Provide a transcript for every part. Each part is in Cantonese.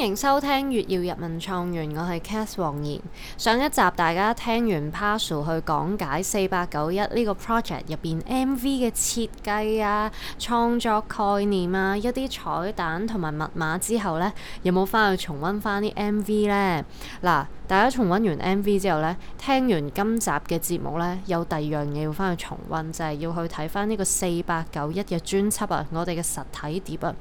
歡迎收聽《粵要入文創園》，我係 Cath 王賢。上一集大家聽完 Pazu 去講解四八九一呢個 project 入邊 MV 嘅設計啊、創作概念啊、一啲彩蛋同埋密碼之後呢，有冇翻去重温翻啲 MV 呢？嗱。大家重温完 MV 之後呢，聽完今集嘅節目呢，有第二樣嘢要翻去重温，就係要去睇翻呢個四八九一嘅專輯啊！我哋嘅實體碟啊，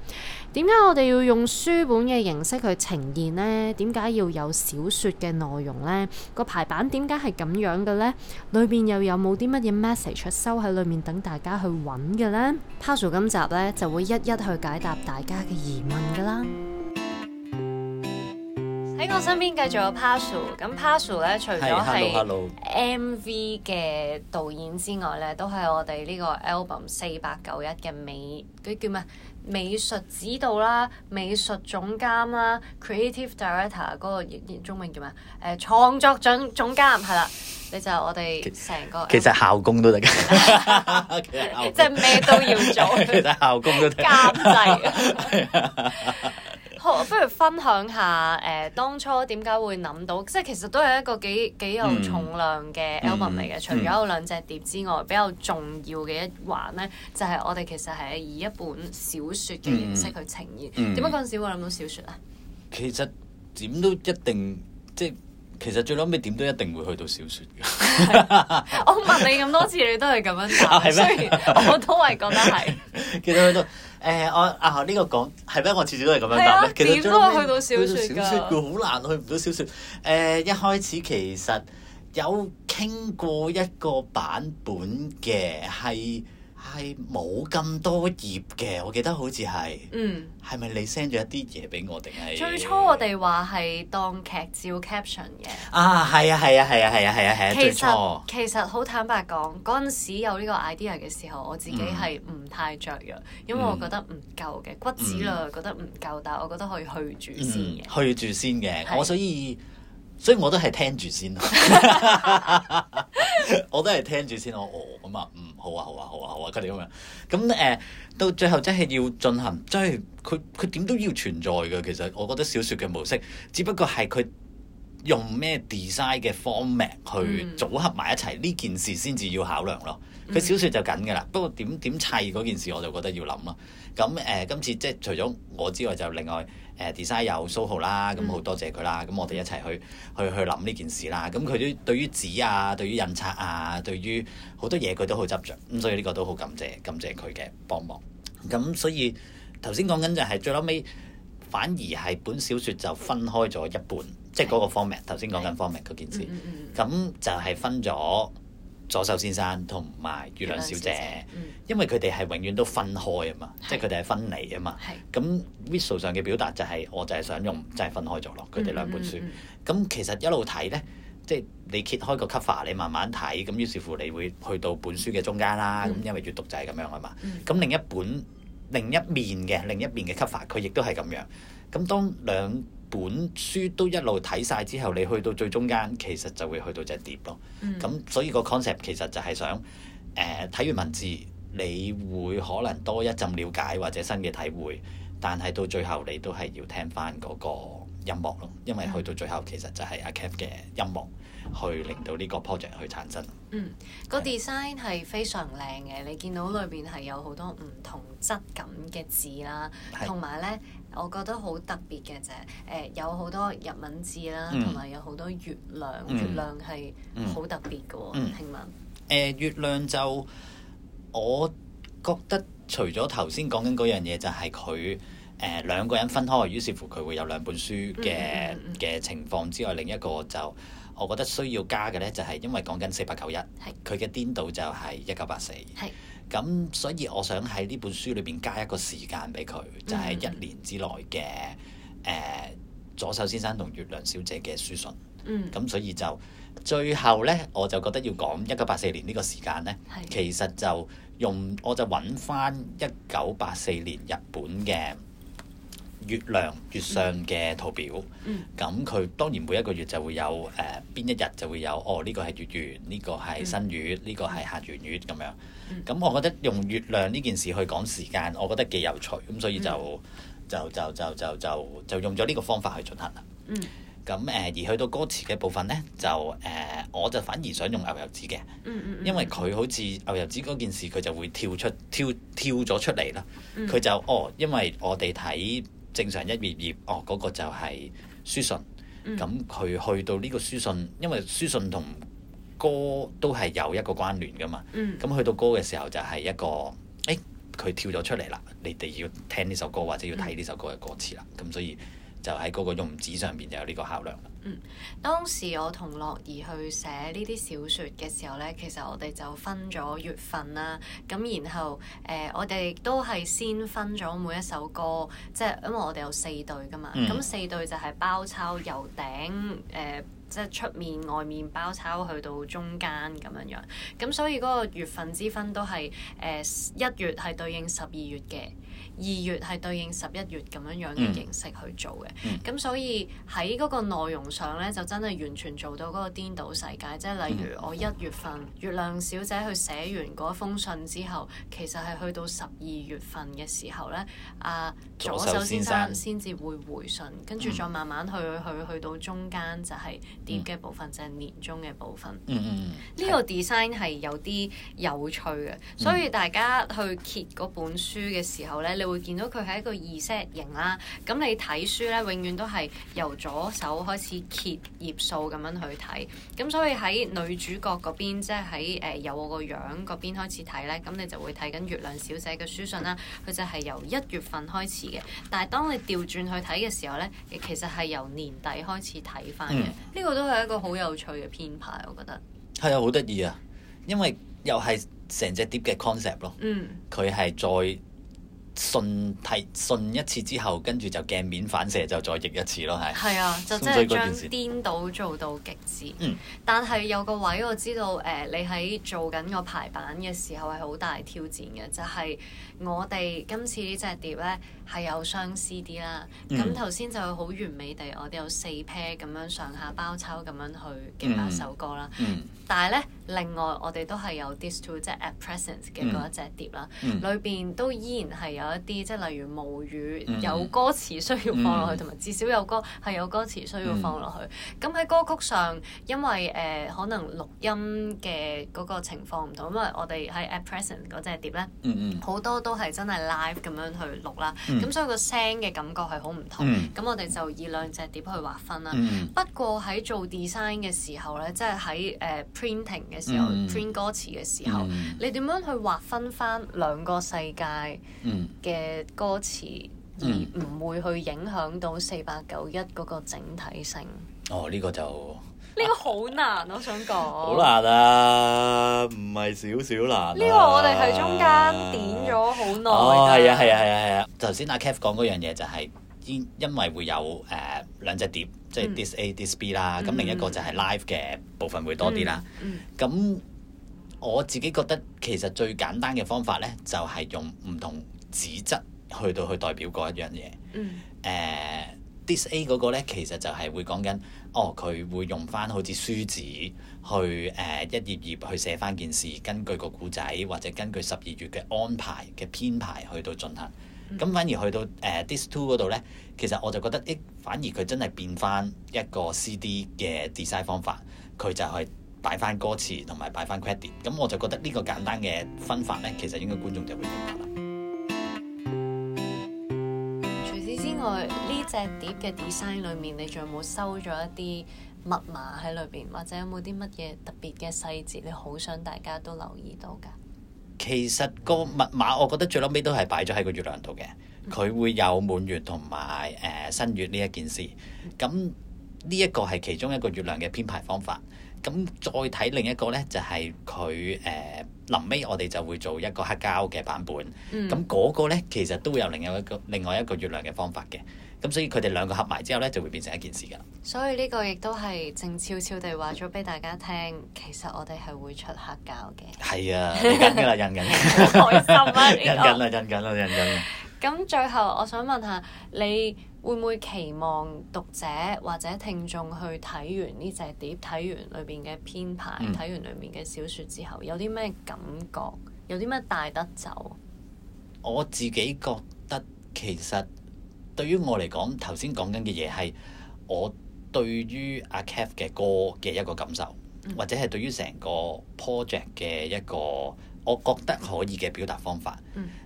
點解我哋要用書本嘅形式去呈現呢？點解要有小説嘅內容呢？個排版點解係咁樣嘅呢？裏面又有冇啲乜嘢 message 收喺裏面等大家去揾嘅呢？Pazu 今集呢，就會一一去解答大家嘅疑問㗎啦～喺我身邊繼續有 Pazu 咁 Pazu 咧除咗係 MV 嘅導演之外咧，Hello, Hello, 都係我哋呢個 album 四百九一嘅美，佢叫咩？美術指導啦，美術總監啦，creative director 嗰、那個中文叫咩？誒、呃、創作總總監係啦，你就係、我哋成個其實,其實校工都得，即係咩都要做，其實校工都得，監製。我、哦、不如分享下誒、呃、當初點解會諗到？即係其實都係一個幾幾有重量嘅 album 嚟嘅，嗯嗯、除咗有兩隻碟之外，嗯、比較重要嘅一環咧，就係、是、我哋其實係以一本小説嘅形式去呈現。點解嗰陣時會諗到小説咧？其實點都一定，即係其實最諗尾點都一定會去到小説嘅。 我問你咁多次，你都係咁樣答， 雖然我都係覺得係。 其實去到。誒、呃、我啊呢、呢個講係咩？我次次都係咁樣答咩？啊、其實點都去到小説㗎，好難去唔到小説。誒、呃、一開始其實有傾過一個版本嘅係。係冇咁多頁嘅，我記得好似係，係咪、嗯、你 send 咗一啲嘢俾我定係？最初我哋話係當劇照 caption 嘅。啊，係啊，係啊，係啊，係啊，係啊，其實最初。其實好坦白講，嗰陣時有呢個 idea 嘅時候，我自己係唔太着樣，嗯、因為我覺得唔夠嘅骨子裡覺得唔夠，嗯、但係我覺得可以去住先嘅、嗯，去住先嘅，的我所以所以我都係聽住先。 我都係聽住先咯，我哦咁啊，嗯，好啊，好啊，好啊，好啊，佢哋咁樣，咁、嗯、誒到最後真係要進行，即係佢佢點都要存在嘅。其實我覺得小説嘅模式，只不過係佢用咩 design 嘅 format 去組合埋一齊，呢、mm. 件事先至要考量咯。佢小説就緊㗎啦，不過點點砌嗰件事我就覺得要諗咯。咁誒、呃，今次即係除咗我之外，就另外誒、呃、design 有 SoHo 啦，咁好多謝佢啦。咁、嗯、我哋一齊去、嗯、去去諗呢件事啦。咁佢都對於紙啊、對於印刷啊、對於好多嘢，佢都好執着。咁所以呢個都好感謝感謝佢嘅幫忙。咁所以頭先講緊就係最後尾，反而係本小説就分開咗一半，即係嗰個 format，頭先講緊 format 嗰件事，咁就係分咗。左手先生同埋月亮小姐，小姐，嗯、因為佢哋係永遠都分開啊嘛，是即係佢哋係分離啊嘛。咁是 visual 上嘅表達就係、是、我就係想用，即、就、係、是、分開咗咯。佢哋、嗯、兩本書，咁、嗯嗯嗯、其實一路睇呢，即、就、係、是、你揭開個 cover，你慢慢睇，咁於是乎你會去到本書嘅中間啦。咁、嗯、因為閲讀就係咁樣啊嘛。咁、嗯、另一本另一面嘅另一面嘅 cover，佢亦都係咁樣。咁當兩本書都一路睇晒之後，你去到最中間，其實就會去到隻碟咯。咁、mm. 所以個 concept 其實就係想誒睇、呃、完文字，你會可能多一陣了解或者新嘅體會，但係到最後你都係要聽翻嗰、那個，音樂咯，因為去到最後其實就係阿 Cap 嘅音樂，去令到呢個 project 去產生。嗯，個 design 係非常靚嘅，是你見到裏邊係有好多唔同質感嘅字啦，同埋咧，我覺得好特別嘅就係誒有好多日文字啦，同埋、嗯、有好多月亮，嗯、月亮係好特別嘅喎，聽聞。誒月亮就我覺得，除咗頭先講緊嗰樣嘢，就係佢。誒兩個人分開，於是乎佢會有兩本書嘅嘅情況之外，嗯嗯嗯、另一個就我覺得需要加嘅呢，就係、是、因為講緊四八九一，佢嘅顛倒就係一九八四。係咁，所以我想喺呢本書裏邊加一個時間俾佢，就係、是、一年之內嘅誒、嗯呃、左手先生同月亮小姐嘅書信。嗯，咁所以就最後呢，我就覺得要講一九八四年呢個時間呢，是其實就用我就揾翻一九八四年日本嘅月亮月相嘅圖表嗯嗯，咁佢當然每一個月就會有誒邊、呃、一日就會有哦。呢、這個係月圓，呢、這個係新月，呢、嗯、個係下圓月咁樣。咁我覺得用月亮呢件事去講時間，我覺得幾有趣咁，所以就、嗯、就就就就就，就，就用咗呢個方法去進行啦。咁誒、嗯，嗯、而去到歌詞嘅部分呢，就誒、呃、我就反而想用牛油紙嘅，因為佢好似牛油紙嗰件事，佢就會跳出跳跳咗出嚟啦。佢就、嗯、就哦，因為我哋睇。它嗯嗯嗯正常一頁頁，哦，嗰、嗰個就係書信。咁佢、嗯、去到呢個書信，因為書信同歌都係有一個關聯噶嘛。咁、嗯、去到歌嘅時候就係一個，誒、欸，佢跳咗出嚟啦。你哋要聽呢首歌或者要睇呢首歌嘅歌詞啦。咁、嗯、所以。就喺嗰個用紙上邊就有呢個考量。嗯，當時我同樂兒去寫呢啲小説嘅時候咧，其實我哋就分咗月份啦。咁然後誒、呃，我哋都係先分咗每一首歌，即、就、係、是、因為我哋有四對㗎嘛。咁、嗯、四對就係包抄由頂誒，即係出面外面包抄去到中間咁樣樣。咁所以嗰個月份之分都係誒一月係對應十二月嘅。二月係對應十一月咁樣樣嘅形式去做嘅，咁、嗯、所以喺嗰個內容上咧，就真係完全做到嗰個顛倒世界，即係例如我一月份、嗯、月亮小姐去寫完嗰封信之後，其實係去到十二月份嘅時候咧，啊左手先生先至會回信，跟住再慢慢去去去，去到中間就係點嘅部分，即係、嗯、年中嘅部分。嗯呢、嗯、個 design 係是有啲有趣嘅，所以大家去揭嗰本書嘅時候咧，你。會見到佢係一個 Z 型啦，啊，咁你睇書咧，永遠都係由左手開始揭頁數咁樣去睇，咁所以喺女主角嗰邊，即係喺誒有我個樣嗰邊開始睇咧，咁你就會睇緊月亮小姐嘅書信啦，啊。佢就係由一月份開始嘅，但係當你調轉去睇嘅時候咧，其實係由年底開始睇返嘅。呢，嗯、個都係一個好有趣嘅編排，我覺得係啊，好得意啊，因為又係成隻碟嘅 concept 咯，嗯，佢係再。順睇順一次之後，跟住就鏡面反射，就再逆一次咯，係。係啊，就真係將顛倒做到極致。嗯。但係有個位我知道，誒、呃，你喺做緊個排版嘅時候係好大挑戰嘅，就係、是、我哋今次呢隻碟咧係有雙 CD 啦。咁頭先就好完美地，我哋有四 pair 咁樣上下包抄咁樣去夾一首歌啦。嗯。嗯，但係咧。另外，我哋都係有 this two 即係 at present 嘅一隻碟啦，mm hmm. 裏邊都依然係有一啲即係例如無語、mm hmm. 有歌詞需要放落去，同埋至少有歌係有歌詞需要放落去。咁喺、mm hmm. 歌曲上，因為誒、呃、可能錄音嘅個情況唔同，因為我哋喺 at present 嗰隻碟咧，好、mm hmm. 多都係真係 live 咁樣去錄啦。咁、mm hmm. 所以個聲嘅感覺係好唔同。咁、mm hmm. 我哋就以兩隻碟去劃分啦。Mm hmm. 不過喺做 design 嘅時候咧，即、就、係、是、喺誒 printing 嘅。就是嘅、嗯、時候，編歌詞嘅時候，你點樣去劃分翻兩個世界嘅歌詞，嗯、而唔會去影響到四百九一嗰個整體性？哦，呢、這個就呢個好難，啊、我想講好難啊，唔係少少難、啊。呢個我哋係中間點咗好耐。哦，係啊，係啊，係啊，係啊，頭先、啊、阿 Kev 講嗰樣嘢就係、是。因因為會有誒、呃、兩隻碟，即係 Disc A、Disc B 啦，咁、嗯、另一個就係 live 嘅部分會多啲啦。咁、嗯嗯、我自己覺得其實最簡單嘅方法呢，就係、是、用唔同紙質去到去代表嗰一樣嘢。誒、嗯呃、Disc A 嗰個呢，其實就係會講緊，哦，佢會用翻好似書紙去誒、呃、一頁一頁去寫翻件事，根據個故仔或者根據十二月嘅安排嘅編排去到進行。咁反而去到誒、uh, Disc Two 度咧，其實我就覺得，誒反而佢真係變翻一個 CD 嘅 design 方法，佢就係擺翻歌詞同埋擺翻 credit。咁我就覺得呢個簡單嘅分法咧，其實應該觀眾就會明白啦。除此之外，呢隻碟嘅 design 裏面，你仲有冇收咗一啲密碼喺裏邊，或者有冇啲乜嘢特別嘅細節，你好想大家都留意到噶？其實個密碼，我覺得最撈尾都係擺咗喺個月亮度嘅，佢會有滿月同埋誒新月呢一件事。咁呢一個係其中一個月亮嘅編排方法。咁再睇另一個呢，就係佢誒臨尾我哋就會做一個黑膠嘅版本。咁嗰個呢，其實都會有另一個另外一個月亮嘅方法嘅。咁所以佢哋兩個合埋之後呢，就會變成一件事噶。所以呢個亦都係靜悄悄地話咗俾大家聽，嗯、其實我哋係會出黑膠嘅。係啊，引緊啦，引緊， 開心啊，引緊啦，引緊啦，引緊。咁最後我想問下，你會唔會期望讀者或者聽眾去睇完呢隻碟，睇完裏邊嘅編排，睇、嗯、完裏邊嘅小說之後，有啲咩感覺？有啲咩帶得走？ 我自己覺得其實。對於我嚟講，頭先講緊嘅嘢係我對於阿 Cath 嘅歌嘅一個感受，或者係對於成個 project 嘅一個我覺得可以嘅表達方法。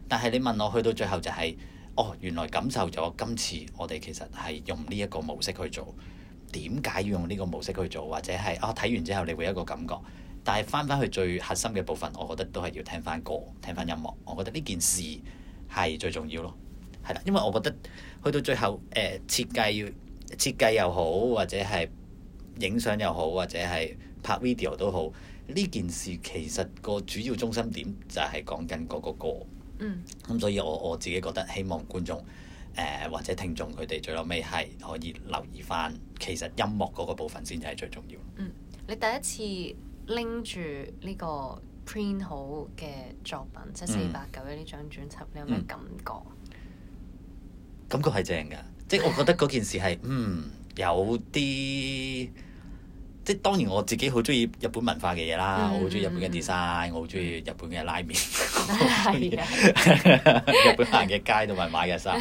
但係你問我去到最後就係哦，原來感受咗今次我哋其實係用呢一個模式去做，點解要用呢個模式去做，或者係啊睇完之後你會有一個感覺。但係翻返去最核心嘅部分，我覺得都係要聽翻歌、聽翻音樂。我覺得呢件事係最重要咯。係啦，因為我覺得去到最後，誒、呃、設計要設計又好，或者係影相又好，或者係拍 video 都好，呢件事其實個主要中心點就係講緊嗰個歌。嗯。咁、嗯、所以我，我我自己覺得希望觀眾誒、呃、或者聽眾佢哋最後尾係可以留意翻，其實音樂嗰個部分先係最重要。嗯，你第一次拎住呢個 print 好嘅作品，即係4891呢張專輯，嗯、你有咩感覺？嗯嗯感覺係正㗎，即係我覺得嗰件事係，嗯，有啲，即係當然我自己好中意日本文化嘅嘢啦，嗯、我好中意日本嘅 design，嗯、我好中意日本嘅拉麵，日本行嘅街同埋買嘅衫。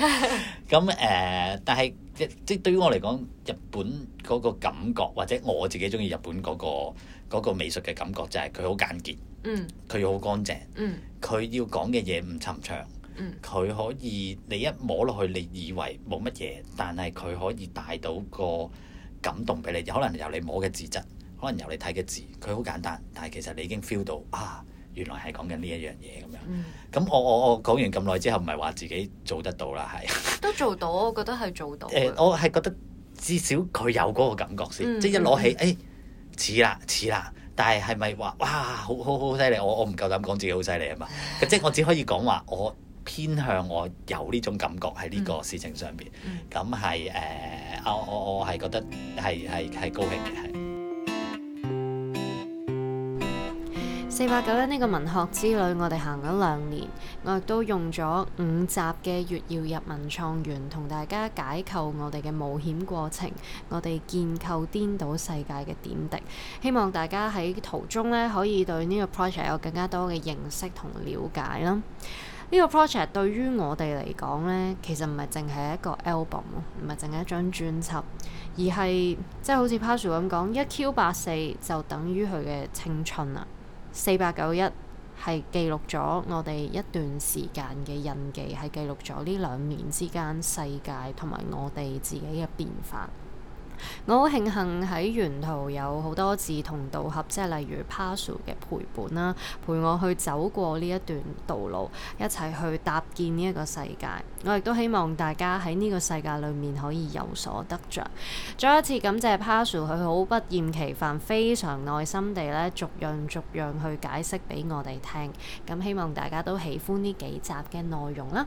咁誒，嗯 uh, 但係即即對於我嚟講，日本嗰個感覺或者我自己中意日本嗰、那個嗰個嗰、嗰個美術嘅感覺就係佢好簡潔，嗯，佢好乾淨，嗯，佢要講嘅嘢唔尋長。佢可以你一摸落去，你以為冇乜嘢，但係佢可以帶到個感動俾你。可能由你摸嘅字質，可能由你睇嘅字，佢好簡單，但係其實你已經 feel 到啊，原來係講緊呢一樣嘢咁樣。咁我我我講完咁耐之後，唔係話自己做得到啦，係。都做到，我覺得係做到。誒，我係覺得至少佢有嗰個感覺先，即係一攞起，誒似啦似啦，但係係咪話哇好好好犀利？我我唔夠膽講自己好犀利啊嘛。即係我只可以講話我。偏向我有呢種感覺喺呢個事情上邊，咁係誒，我我我係覺得係係係高興嘅。係四八九一呢個文學之旅我哋行咗兩年，我亦都用咗五集嘅《粵要入文創園》，同大家解構我哋嘅冒險過程，我哋建構顛倒世界嘅點滴。希望大家喺途中呢，可以對呢個 project 有更加多嘅認識同了解啦。呢個 project 對於我哋嚟講呢，其實唔係淨係一個 album，唔係淨係一張專輯，而係即係好似 Pazu 咁講，一 Q 八四就等於佢嘅青春啦，四八九一係記錄咗我哋一段時間嘅印記，係記錄咗呢兩年之間世界同埋我哋自己嘅變化。我好慶幸喺沿途有好多志同道合，即係例如 Pazu 嘅陪伴啦，陪我去走過呢一段道路，一齊去搭建呢一個世界。我亦都希望大家喺呢個世界裏面可以有所得着。再一次感謝 Pazu，佢好不厭其煩，非常耐心地咧，逐樣逐樣去解釋俾我哋聽。咁希望大家都喜歡呢幾集嘅內容啦。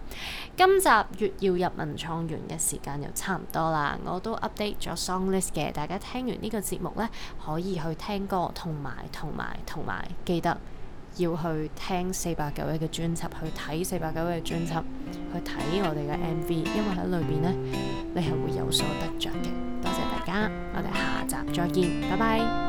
今集越要入文創園嘅時間又差唔多啦，我都 update 咗嘅，大家聽完呢個節目呢，可以去聽歌，同埋同埋同埋記得要去聽四八九一嘅專輯，去睇四八九一嘅專輯，去睇我哋嘅 MV，因為喺裏邊呢，你係會有所得著嘅。多謝大家，我哋下集再見，拜拜。